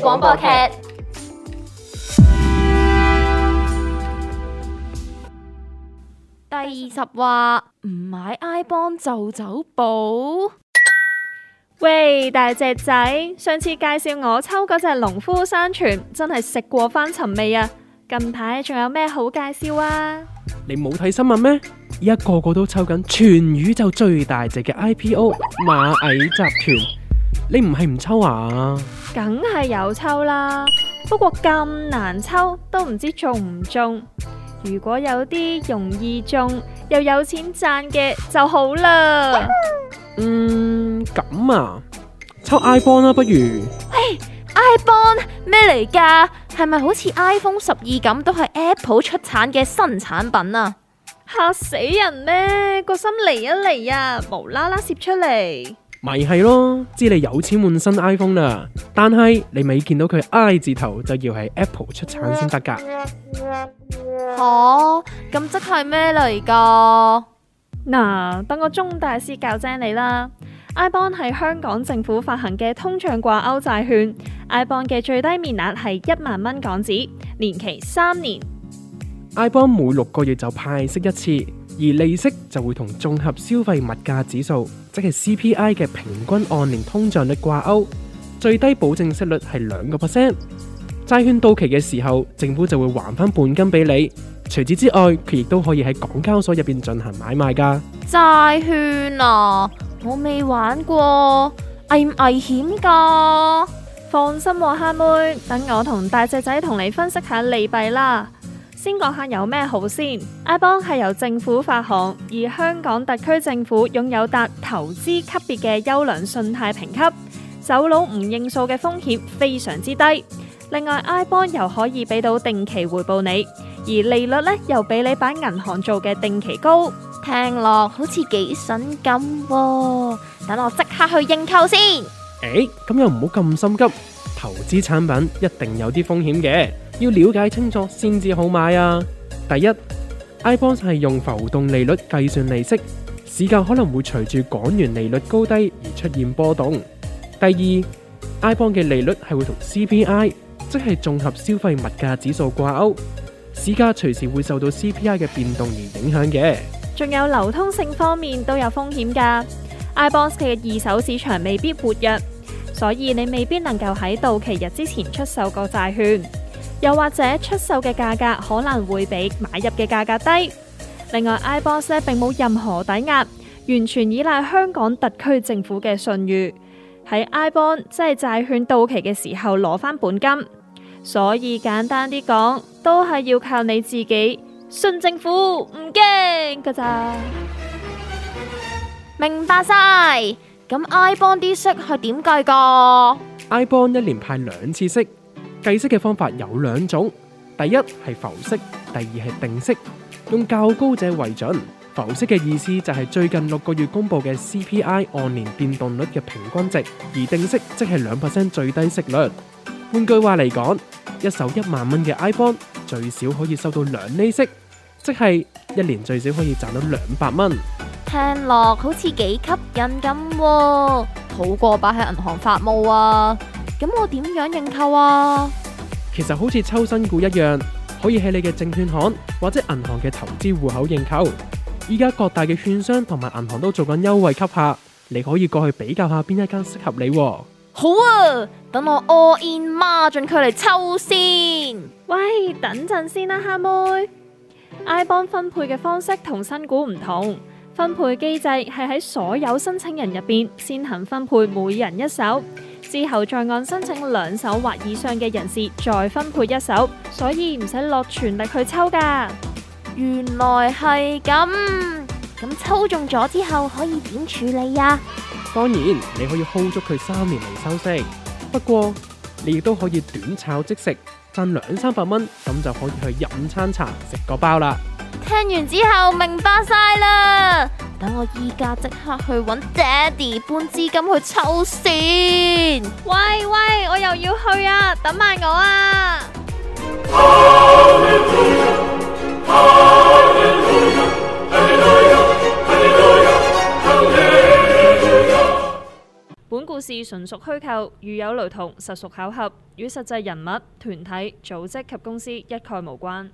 廣播劇,播劇,播劇,播劇第集，第二十一集話唔買 IBond 就走寶。喂，大隻仔，上次介紹我抽嗰隻農夫山泉，真係食過翻尋味啊！近排仲有咩好介紹啊？你冇睇新聞咩？一個個都抽緊全宇宙最大隻嘅 IPO 螞蟻集團。你唔係唔抽啊？梗係有抽啦，不過咁難抽都唔知中唔中。如果有啲容易中又有錢賺嘅就好啦。嗯，咁啊，抽 iBond 啦，啊，不如。喂 I 什麼來的是是，iBond 咩嚟㗎？係咪好似 iPhone 十二咁都係 Apple 出產嘅新產品啊？吓死人咩？個心嚟一嚟啊，無啦啦攝出嚟。咪係咯，知你有錢換新 iPhone 啦，但係你未見到佢 I 字頭，就要係 Apple 出產先得噶。吓、啊，咁即係咩嚟噶？嗱、啊，等我鐘大師教精你啦。I bond 係香港政府發行嘅通脹掛鈎債券，I bond 嘅最低面額係一萬蚊港紙，年期三年，I bond 每六個月就派息一次。而利息就會同綜合消費物價指數，即係 CPI 嘅平均按年通脹率掛鈎，最低保證息率係兩個 percent。債券到期嘅時候，政府就會還翻本金俾你。除此之外，佢亦都可以喺港交所入邊進行買賣噶。債券啊，我未玩過，危唔危險噶？放心喎、啊，蝦妹，等我同大隻仔同你分析下利弊啦。先講下有咩好先，I Bond 係由政府發行，而香港特區政府擁有達投資級別嘅優良信貸評級，走佬唔認數嘅風險非常之低。另外，I Bond 又可以俾到定期回報你，而利率呢又比你擺銀行做嘅定期高。聽落好似幾筍咁，等我即刻去認購先。誒、欸，咁又唔好咁心急，投資產品一定有啲風險嘅。要了解清楚先至好買啊！第一，iBond 係用浮動利率計算利息，市價可能會隨住港元利率高低而出現波動。第二，iBond 嘅利率係會同 CPI 即係綜合消費物價指數掛鈎，市價隨時會受到 CPI 嘅變動而影響嘅。仲有流通性方面都有風險噶，iBond 嘅二手市場未必活躍，所以你未必能夠喺到期日之前出售個債券。又或者出售嘅價格可能會比買入嘅價格低。另外，IBond 呢並冇任何抵押，完全依賴香港特區政府嘅信譽。喺 IBond 即係債券到期嘅時候攞翻本金。所以簡單啲講，都係要靠你自己信政府唔驚嘅咋。明白晒。咁 IBond 啲息係點計噶？IBond 一年派兩次息。計息嘅方法有兩種，第一係浮息，第二係定息，用較高者為準。浮息嘅意思就係最近六個月公佈嘅 CPI 按年變動率嘅平均值，而定息即係兩 percent 最低息率。換句話嚟講，一手一萬蚊嘅 iBond 最少可以收到兩厘息，即係一年最少可以賺到兩百蚊。聽落好似幾吸引咁，好過擺喺銀行發霉啊！咁我點樣認購啊？其實好似抽新股一樣，可以喺你嘅證券行或者銀行嘅投資戶口認購。依家各大嘅券商同埋銀行都做緊優惠吸客，你可以過去比較下邊一間適合你。好啊，等我 all in 孖展佢嚟抽先。喂，等陣先啦，蝦妹。IBond 分配嘅方式同新股唔同。分配機制係喺所有申請人入邊先行分配每人一手，之後再按申請兩手或以上嘅人士再分配一手，所以唔使落全力去抽㗎。原來係咁，咁抽中咗之後可以點處理呀？啊？當然你可以 hold 足佢三年嚟收息，不過你亦都可以短炒即食，賺兩三百蚊咁就可以去飲餐茶食個包啦。聽完之後明白晒啦，等我依家即刻去揾爹哋搬資金去抽線。喂喂，我又要去啊，等埋我啊！本故事純屬虛構，如有雷同，實屬巧合，與實際人物、團體、組織及公司一概無關。